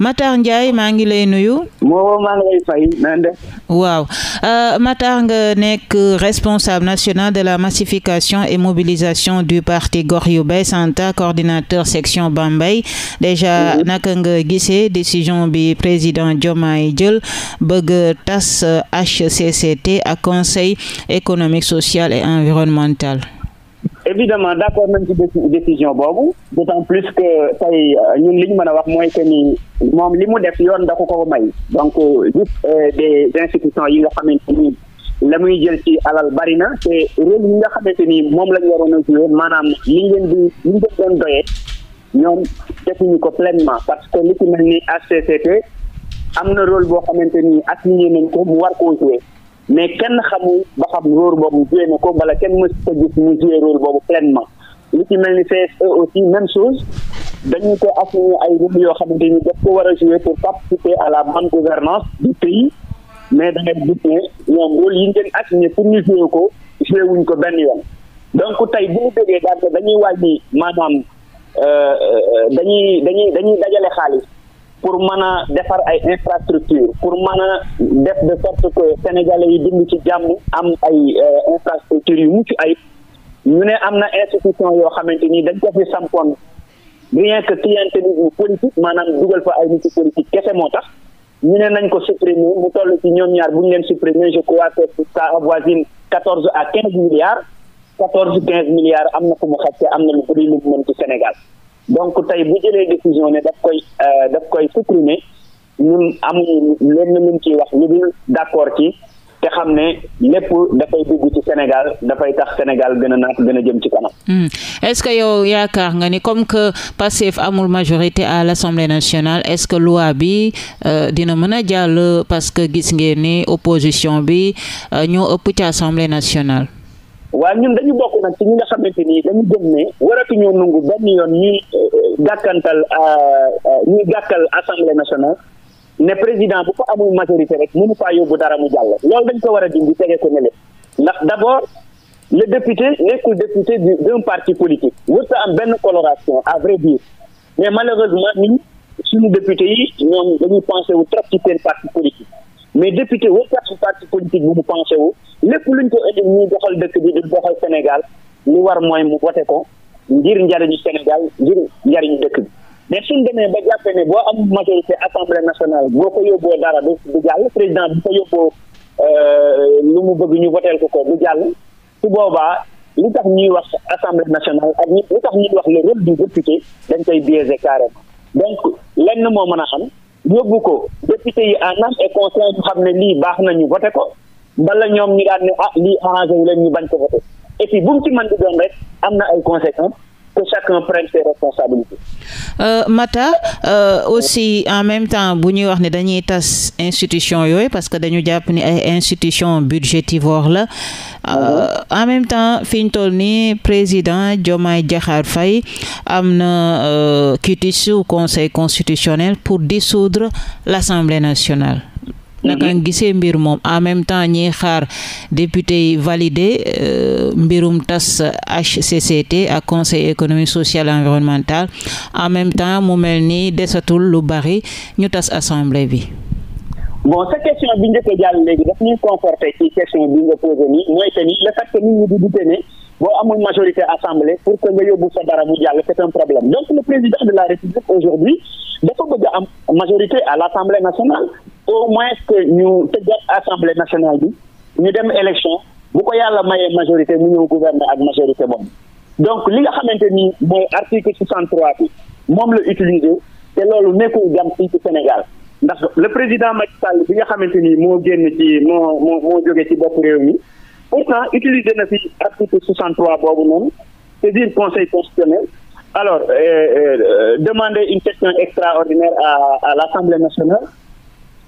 Matar Ndiaye maa ngi lay nuyu. moo maa ngi euh, nga nekk responsable national de la massification et mobilisation du parti Gox yu Bees Anta coordinateur section Bambey déjà mm-hmm. naka nga gisee décision bi président Diomaye jël bëgg tas HCCT ak conseil économique social et environnemental. évidemment d' accord nañ ci décision boobu d' autant plus que tey euh, ñun li ñu mën a wax mooy que ni moom li mu def yoon da ko ko may donc euh, juste euh, des institutions yi nga xamante ni la muy jël ci alal bari na te rôle yi nga xamante ni moom lañ ñu waroon a joué maanaam li ngeen di li ngeen doon doyee ñoom defuñu ko pleinement parce que li ci mel ni HCCT am na rôle boo xamante ni assigné nañ ko mu war koo joué mais kenn xamu ba xam rôle boobu joué na ko bala kenn mës ko gis mu joué rôle boobu pleinement lu ci mel ni CSE aussi même chose dañu ko assigné ay rôle yoo xamante ni daf ko war a joué pour participer à la bonne gouvernance du pays mais da ngay gis ne ñoom rôle yi ngeen assigné pour ñu joué ko joué wuñ ko benn yoon donc tey bu ñu déggee dañuy dañuy wàññi maanaam euh, euh, dañuy dañuy dañuy dajale xaalis pour mën a defar ay infrastructure pour mën a def de sorte que sénégale yi dund ci jàmm am ay euh, infrastructure yu mucc ay ñu ne am na institution yoo xamante nii dañ ko fi sampoon rien que clientélisme politique maanaam dugal fa ay nit politique kese moo tax ñu ne nañ ko supprimer mu toll ci ñoom ñaar bu ñu leen supprimer je crois que ça avoisine quatorze à quinze milliards quatorze quinze milliards am na fu mu xacce am na lu bëri lu mu mën ci Sénégal donc tey bu jëlee décision ne daf koy euh, daf koy supprimer ñun amuñu lenn luñ ciy wax ñu dul d'accord ci te xam ne lépp dafay dugg ci Sénégal dafay tax Sénégal gën a naat gën jëm ci kanam. Hmm. est-ce que yow yaakaar nga ni comme que Pastef amul majorité à l'Assemblée nationale est-ce que loi bi euh, dina mën a jàll parce que gis ngeen ni opposition bi euh, ñoo ëpp ci Assemblée nationale. waaye ñun dañu bokk nag ci ñu nga xamante nii dañu gëm ne waratuñoo nangu benn yoon ñuy euh, gàkkantal euh, euh, ñuy gàkkal assemblée nationale ne président bu ko amul majorité rek mënu faa yóbbu dara mu jàll loolu dañ ko war a dindi tege ko ne le ndax d'abord le député nekkul député du d'un parti politique wërta am benn coloration à vrai dire mais malheureusement ñun suñu député yi ñoom dañuy pensé wu trop ci seen parti politique mais député wërta am parti wu lépp luñ ko indi ñuy doxal dëkk bi di doxal Sénégal li war mooy mu wote ko ngir njariñu Sénégal ngir njariñu dëkk bi mais suñ demee ba jàppee ne boo am majorité assemblée nationale boo ko yóbboo dara du du jàll président bu ko yóbboo euh, lu mu bëgg ñu voteel ko ko du jàll su boobaa li tax ñuy wax assemblée nationale ak ñi li tax ñuy wax le rôle du député dañ koy biaisé carrément donc lenn moo mën a xam yóbbu ko député yi en âme et conscience xam ne lii baax nañu voté ko mbala ñoom ñi daan ne ah lii arrangé wu bañ ko voté et bu mu ci mën di doon rek am na ay conséquences. que chacun prenne ses responsabilités. Euh, Mata euh, aussi en même temps bu ñuy wax ni dañuy tas institution yooyu parce que dañu jàpp ni ay institution budgétivore la euh, en même temps fi ñu toll nii président Diomaye Diakhar fay am na kiitu euh, su conseil constitutionnel pour dissoudre l'Assemblée nationale. naka gisee mbir moom en même temps ñiy xaar député yi validé euh, mbirum tas HCCT ak conseil économie social environnemental en même temps mu mel nii desatul lu bari ñu tas assemblée bi. bon sa question bi nga posé nii mooy que le fait que nit ñi di ne boo amul majorité assemblée pour que nga yóbbu sa dara mu jàll c'est un problème donc le président de la république aujourd'hui dafa bëgg a am majorité à l'assemblée nationale au moins que ñu tëggat assemblée nationale bi ñu dem élection bu ko yàlla mayee majorité mu ñëw gouverner ak majorité boobu donc li nga xamante ni mooy article 63 bi moom la utiliser te loolu nekkul jam fii ci Sénégal ndax le président Macky Sall bi nga xamante ni moo génn ci moo moo moo jóge ci bopp réew mi pourtant utiliser na fi article 63 boobu noonu saisir conseil constitutionnel alors euh, euh, demander une question extraordinaire à à l'Assemblée nationale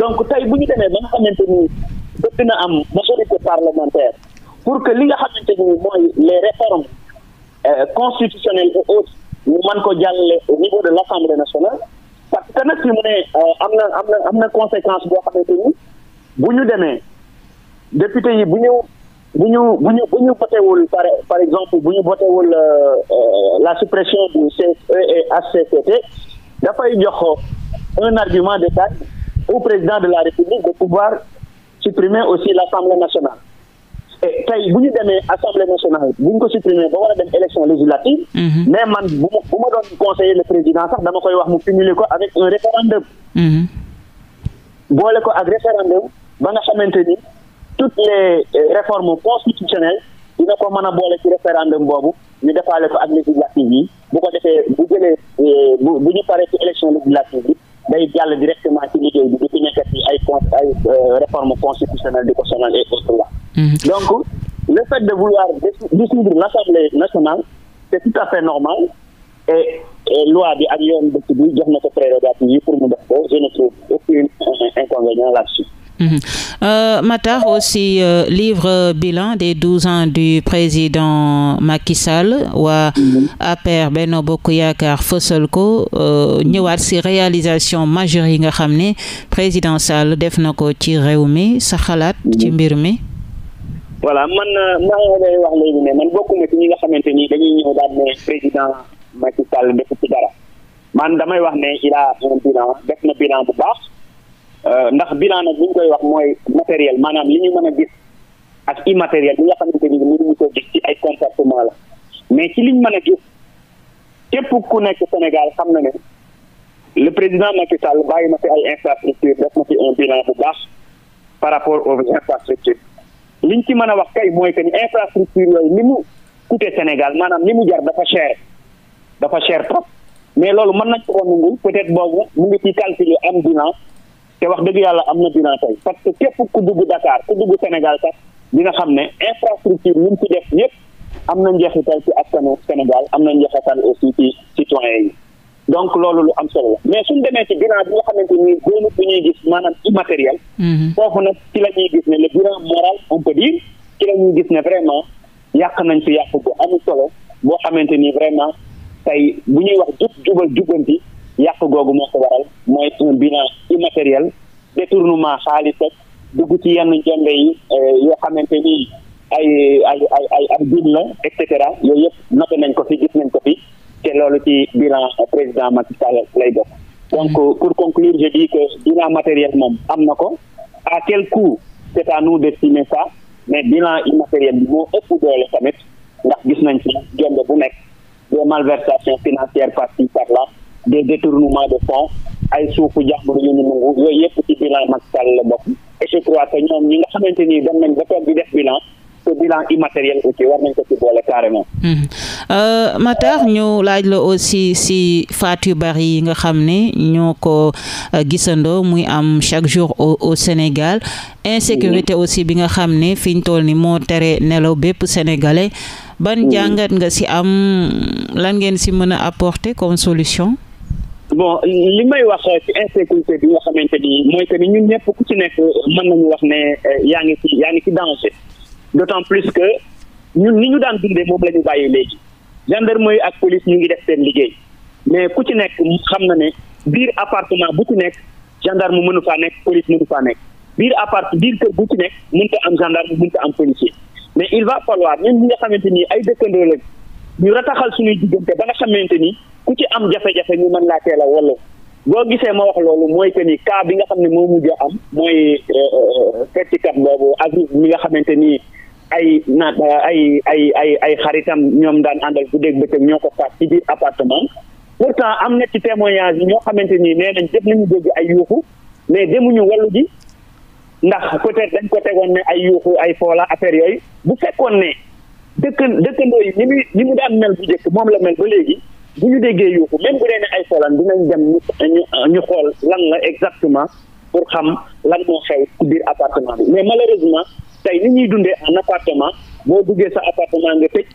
donc tey bu ñu demee ba nga xamante ni bëgg na am majorité parlementaire pour que li nga xamante ni mooy le réformes euh, constitutionnelles et autres ñu mën ko jàllale au niveau de l'Assemblée nationale parce que nag fi mu ne euh, am na am na am na conséquence boo xamante ni bu ñu demee député yi bu ñu bu ñu bu ñu bu ñu botewul par par exemple bu ñu botewul euh, la suppression du CFE et HCCT dafay jox un argument de taille au président de la République de pouvoir supprimer aussi l'Assemblée nationale tey bu ñu demee assemblée nationale bu ñu ko supprimer ba war a dem élection législative mhm. mais man bu ma bu ma doon conseiller le président sax dama koy wax mu cumuler ko avec un référendum mhm. boole ko ak référendum ba nga xamante ni toutes les euh, réformes constitutionnelles dina ko mën a boole ci référendum boobu ñu defaale ko ak législative yi bu ko defee bu jëlee euh, bu bu ñu paree ci élection législative bi day jàll directement ci liggéey bi di fi nekk ci ay con euh, di ko sonal et autres là mhm. donc le fait de vouloir dissoudre l'Assemblée nationale c'est tout à fait normal loi bi ak yoon dëkk bi jox na ko prérogative yi pour mu def ko je ne trouve aucun inconvénient là-dessus Mmh. Euh, Matar aussi euh, livre bilan des 12 ans du président Macky Sall waa APR Benno Bokk Yaakaar fësal ko euh, ñëwaat si réalisation majeure yi nga xam ne président Sall def na ko ci réew mi sa xalaat ci mbir mi voilà man euh, maa ngi wax léegi ne man bokkuma ci ñi nga xamante ni dañuy ñëw daal ne président Macky Sall ci dara man damay wax ne il a bilan def na bilan bu baax Euh, ndax bilan nag li ñu koy wax mooy matériel maanaam li ñu mën a gis ak immatériel li nga xamante ni mënuñu koo gis ci ay comportement la mais ci liñ mën a gis képp ku nekk Sénégal xam na ne le président Macky Sall bàyyi na fi ay infrastructure def na fi un bilan bu baax par rapport aux infrastructures liñ ci mën a wax kay mooy que ni infrastructure yooyu li mu coûté Sénégal maanaam li mu jar dafa cher dafa chair trop mais loolu mën nañ ko nungul peut boobu mu ngi ci calculer am bilan te wax dëgg yàlla am na bilan tey parce que képp ku dugg Dakar ku dugg Sénégal sax dina xam ne infrastructure ñu ci def yëpp am na njeexital ci askanu Sénégal am na njeexital aussi ci citoyen yi donc loolu lu am solo la mais suñ demee ci bilan bi nga xamante ni góonu bu ñuy gis maanaam immatériel mm-hmm. foofu nag ci la ñuy gis ne le bilan moral on peut dire ci la ñuy gis ne vraiment yàq nañ fi yàq bu am solo boo xamante ni vraiment tey bu ñuy wax jub jubal jubbanti yàq googu moo ko waral mooy un bilan immatériel détournement xaalis ak dugg ci yenn njombe yi euh, yoo xamante ni ay ay ay ay ay diin la et cetera yooyu yëpp noté nañ ko fi gis nañ ko fi te loolu ci bilan président Macky Sall lay bokk. donc mm-hmm. pour conclure je di que bilan matériel moom am na ko à quel coût c'est à nous d'estimer ça mais bilan immatériel bi moo ëpp doole tamit ndax gis nañ fi jombe bu nekk des malversations financières par ci par là. des détournements de la ñi nga xamante ni dem nañ ba toog di def bilan ce bilan immatériel aussi war nañ ko ci hmm. euh, laaj la aussi si faat yu bari yi nga xam ne ñoo ko euh, gisandoo muy am chaque jour au au Sénégal insécurité mm-hmm. aussi bi nga xam ne fi ñu toll ni moo tere nelaw bépp sénégalais ban mm-hmm. jàngat nga si am lan ngeen si mën a apporté comme solution. bon li may wax euh, ci insécurité bi nga xamante ni mooy que ni ñun ñëpp ku ci nekk euh, mën nañu wax ne euh, yaa ngi ci yaa ngi ci danger d'autant plus que ñun ni ñu daan dundee moom la ñu bàyyi léegi gendarmerie ak police ñu ngi def seen liggéey mais ku ci nekk xam na ne biir appartement bu ci nekk gendarme mënu faa nekk police mënu faa nekk biir appart biir kër bu ci nekk mënut a am gendarme mënut a am policier mais il va falloir ñun ñi nga xamante ni ay dëkkandoo la ñu rataxal suñuy diggante ba nga xamante ni ku ci am jafe-jafe ñu mën laa teel a wala boo gisee ma wax loolu mooy que ni cas bi nga xam ne moo mujj am mooy euh, euh, euh, feccikat boobu ak mi nga xamante ni ay naat ay ay ay ay xaritam ñoom daan àndal bu dégg bëccëg ñoo ko faat ci biir appartement pourtant am na ci témoignage ñoo xamante nii nee nañ def nañu dégg ay yuuxu mais demuñu wallu ji ndax peut dañ ko tegoon ne ay yuuxu ay foola affaire yooyu bu fekkoon ne dëkk dëkkandoo yi ni muy ni mu daan mel bu njëkk moom la mel ba léegi bu ñu déggee yuuxu même bu dee ne ay solan dinañ dem ñu ñu xool lan la exactement pour xam lan moo xew ci biir appartement bi mais malheureusement tey ni ñuy dundee en appartement boo duggee sa appartement nga tëj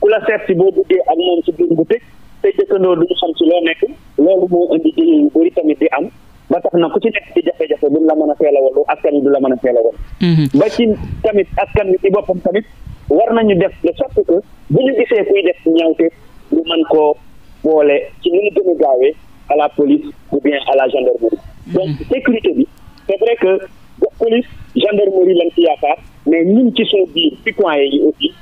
ku la seet si boo duggee ak moom si biir bu tëj te dëkkandoo duñu xam si loo nekk loolu moo indi jëye yu bëri tamit di am ba tax na ku ci nekk ci jafe-jafe duñ la mën a teel a wallu askan la mën a teel a wallu mhm. war nañu def de que bu ñu gisee kuy def ñaawte ñu mën koo boole ci ni mu gën gaawee à la police ou bien à la gendarmerie. Mm-hmm. donc sécurité bi c'est vrai que ba police gendarmerie lañ ci yaakaar mais ñun ci suñu biir citoyen yi aussi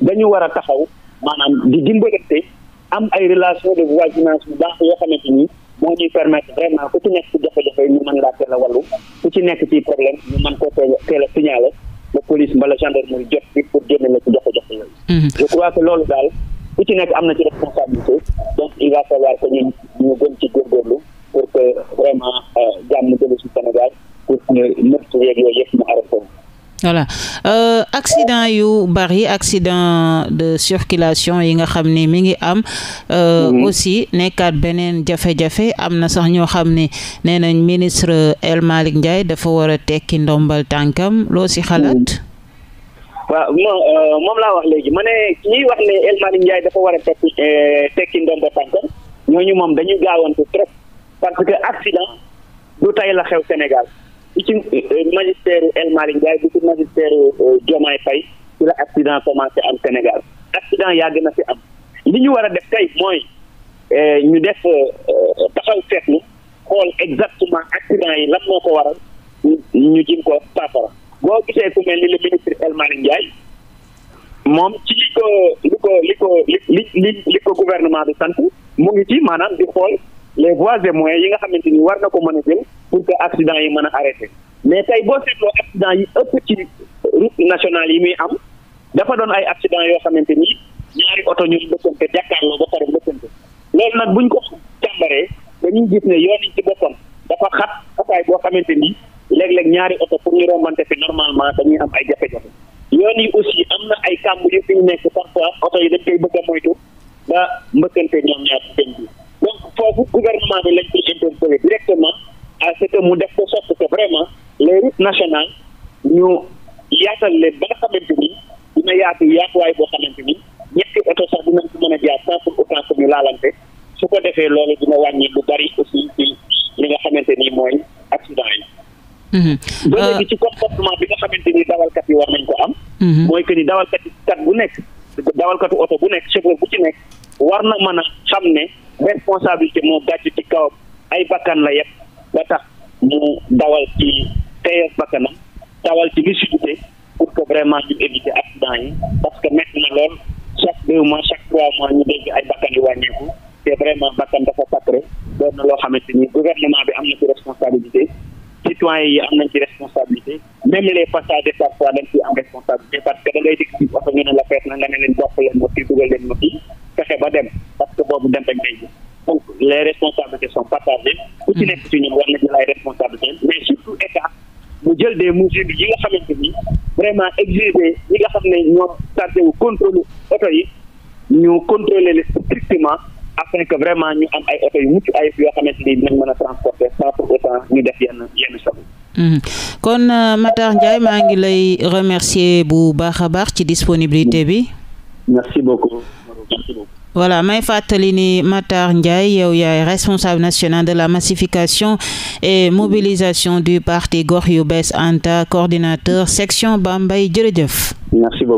dañu war a taxaw maanaam di dimbalante am ay relation de voisinage bu baax yoo xamante ni moo ñuy permettre vraiment ku ci nekk ci jafe-jafe ñu mën laa teel a ku ci nekk ci problème ñu mën koo teel a teel a signaler police mbala gendarmerie jot bi pour génne la ci jafe-jafe yooyu. Mhm. je crois que loolu daal ku ci nekk am na ci responsabilité donc il va falloir que ñun ñu gën ci góorgóorlu pour que vraiment euh, jàmm jëlee ci Sénégal pour que nëb su yeeg voilà euh, accident yu bari accident de circulation yi nga xam ni mi ngi am. Euh, mhm. aussi nekkaat beneen jafe-jafe am na sax ñoo xam ne nee nañ ministre El Malick Ndiaye dafa war a tekki ndombal tànkam loo si xalaat. Mhm. waaw euh, moom laa wax léegi ma ne ñiy wax ne El Malick dafa war a tekki euh, tekki ndombal tànkam ñooñu moom dañu gaawantu trop parce que accident du tey la xew Sénégal. bi ci euh, magistère El Malick Ndiaye bi ci magistère euh, Diomaye Faye ci la accident commencé am Sénégal accident yàgg na si am li ñu war a def tey mooy euh, ñu def taxaw seetlu xool exactement accident yi lan moo ko waral ñu jim ko saafara boo gisee ku mel ni le ministre El Malick Ndiaye moom ci li ko li ko li li li li ko gouvernement bi sant mu ngi ci maanaam di xool les voies et moyens yi nga xamante ni war na ko mën a jël pour que accident yi mën a arrêté mais tey boo seetloo accident yi ëpp ci route nationale yi muy am dafa doon ay accident yoo xamante ni ñaari oto ñoo mbëkkante jàkkaarloo ba pare mbëkkante loolu nag buñ ko càmbaree dañuy gis ne yoon yi ci boppam dafa xat xataay boo xamante ni léeg-léeg ñaari oto pour ñu rombante fi normalement dañuy am ay jafe-jafe yoon yi aussi am na ay kàmb yu fi nekk parfois oto yi dañ koy bëgg a moytu ba mbëkkante ñoom ñaar ci foofu gouvernement bi lañ koy interpellé directement à ce mu def ko sorte que vraiment les routes nationales ñu yaatal leen ba nga xamante ni dina yaatu yaatuwaay boo xamante ni ñetti oto sax dinañ ko mën a jaar sans pour autant que laalante su ko defee loolu dina wàññi lu bari aussi ci li nga xamante ni mooy accident yi. beneen mhm. euh, bi ci comportement bi nga xamante ni dawalkat yi war nañ ko am. Mhm. mooy que ni dawalkat kat bu nekk dawalkatu oto bu nekk chauffeur ci nekk. war na mën a xam ne responsabilité moo gàcc ci kaw ay bakkan la yëpp ba tax mu dawal ci tey bakkanam dawal ci lucidité pour que vraiment ñu éviter accident yi parce que métti na lool chaque deux mois chaque trois mois ñu dégg ay bakkan yu wàññeeku te vraiment bakkan dafa sacré doon na loo xamante ni gouvernement bi am na ci responsabilité citoyens yi am nañ ci responsabilité même les passagers parfois parce que da dégg ci oto ñu ne ne ba dem parce que boobu dem rek day ji donc les responsabilités sont partagées ku ci nekk ci ñun war na jël ay responsabilités mais surtout état mu jël des mesures yi nga xamante ni vraiment exiger ñi nga xam ne ñu contrôler strictement afin que vraiment ñu am ay oto yu mucc ayib yoo xamante ni mën a transporter sans pour autant ñu def yenn yenn soxla. kon euh, Matar Ndiaye maa ngi lay remercier bu baax a baax ci disponibilité bi. voilà may fàttali ni Matar Ndiaye yow yaay responsable national de la massification et mobilisation du parti Gox Yu Bees Anta coordinateur section Bambey jërëjëf.